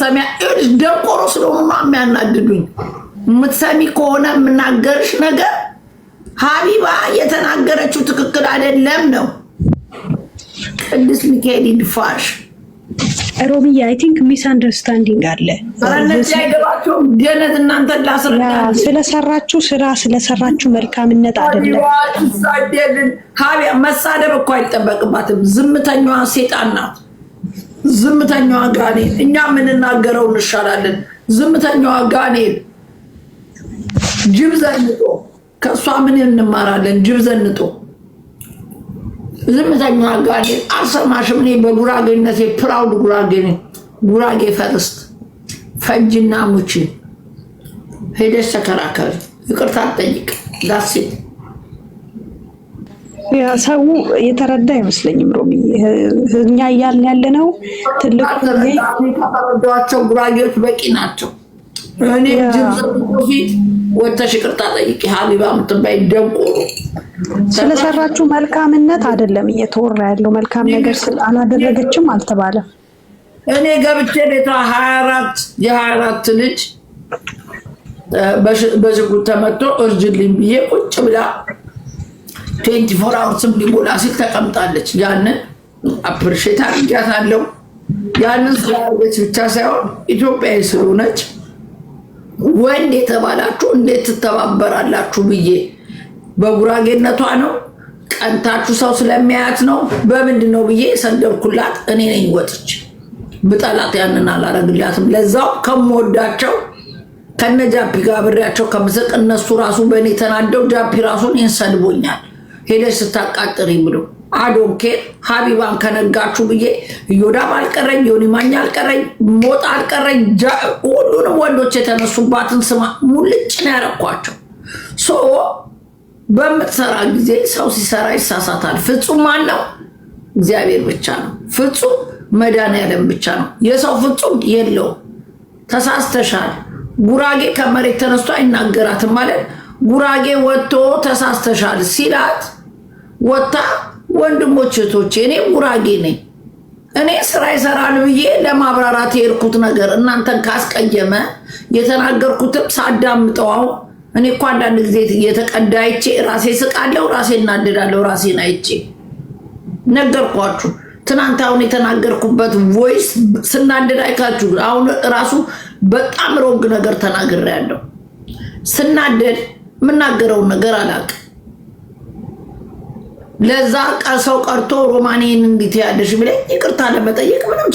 ሰሚያ ደንቆሮ ስለሆኑማ የሚያናድዱኝ። ምትሰሚ ከሆነ የምናገርሽ ነገር ሀቢባ የተናገረችው ትክክል አይደለም ነው። ቅዱስ ሚካኤል ይድፋሽ። ሮሚያ አይ ቲንክ ሚስ አንደርስታንዲንግ አለ። ገነት እናንተ ስለሰራችሁ ስራ ስለሰራችሁ መልካምነት አይደለም። መሳደብ እኮ አይጠበቅባትም። ዝምተኛዋ ሴጣን ናት። ዝምተኛዋ ጋኔል እኛ የምንናገረው እንሻላለን። ዝምተኛዋ ጋኔል ጅብ ዘንጦ ከእሷ ምን እንማራለን? ጅብ ዘንጦ ዝምተኛዋ ጋኔል አልሰማሽም? እኔ በጉራጌነቴ ፕራውድ ጉራጌ ነኝ። ጉራጌ ፈርስት ፈጅና ሙቺ ሄደሽ ተከራከሪ፣ ይቅርታ ጠይቅ ዳሴ ሰው የተረዳ አይመስለኝም። ሮሚ እኛ እያልን ያለ ነው ትልቅ ተረዳቸው። ጉራጌዎች በቂ ናቸው። እኔ ፊት ወተሽ ይቅርታ ጠይቂ ሀቢባ ምትባይ ደቁ ስለሰራችሁ መልካምነት አይደለም እየተወራ ያለው መልካም ነገር አላደረገችም አልተባለም። እኔ ገብቼ ቤቷ ሀያ አራት የሀያ አራት ልጅ በሽጉጥ ተመቶ እርጅልኝ ብዬ ቁጭ ብላ ቴንቲ ፎር አወርስም ሊሞላ ሲል ተቀምጣለች። ያንን አፕሪሼት አለው ያንን ስላደረገች ብቻ ሳይሆን ኢትዮጵያዊ ስለሆነች ወንድ የተባላችሁ እንዴት ትተባበራላችሁ ብዬ በጉራጌነቷ ነው ቀንታችሁ ሰው ስለሚያያት ነው በምንድን ነው ብዬ ሰደብኩላት። እኔ ነኝ ወጥች ብጠላት ያንን አላረግላትም። ለዛው ከምወዳቸው ከነ ጃፒ ጋር ብሬያቸው ከምስቅ እነሱ ራሱ በእኔ ተናደው ጃፒ ራሱን ይንሰድቦኛል። ሄደሽ ስታቃጥሪ ብሎ አዶንኬር ሀቢባን ከነጋችሁ ብዬ እዮዳብ አልቀረኝ፣ ዮኒ አልቀረኝ፣ ሞጣ አልቀረኝ። ሁሉንም ወንዶች የተነሱባትን ስማ ሙልጭ ነው ያረኳቸው። ሶ በምትሰራ ጊዜ ሰው ሲሰራ ይሳሳታል። ፍጹም ማን ነው? እግዚአብሔር ብቻ ነው። ፍጹም መድኃኒዓለም ብቻ ነው። የሰው ፍጹም የለውም። ተሳስተሻል። ጉራጌ ከመሬት ተነስቶ አይናገራትም ማለት ጉራጌ ወጥቶ ተሳስተሻል ሲላት ወጥታ ወንድሞች እህቶቼ፣ እኔ ጉራጌ ነኝ እኔ ስራ ይሰራል ብዬ ለማብራራት የሄድኩት ነገር እናንተን ካስቀየመ የተናገርኩትም ሳዳምጠው እኔ እኮ አንዳንድ ጊዜ እየተቀዳ አይቼ ራሴ ስቃለሁ፣ ራሴ እናደዳለሁ፣ ራሴን አይቼ ነገርኳችሁ። ትናንት አሁን የተናገርኩበት ቮይስ ስናደድ አይካችሁ አሁን ራሱ በጣም ሮንግ ነገር ተናግሬ ያለው ስናደድ የምናገረውን ነገር አላቅ። ለዛ ቀሰው ቀርቶ ሮማኔን እንዲትያደሽ ብለኝ ይቅርታ ለመጠየቅ ምንም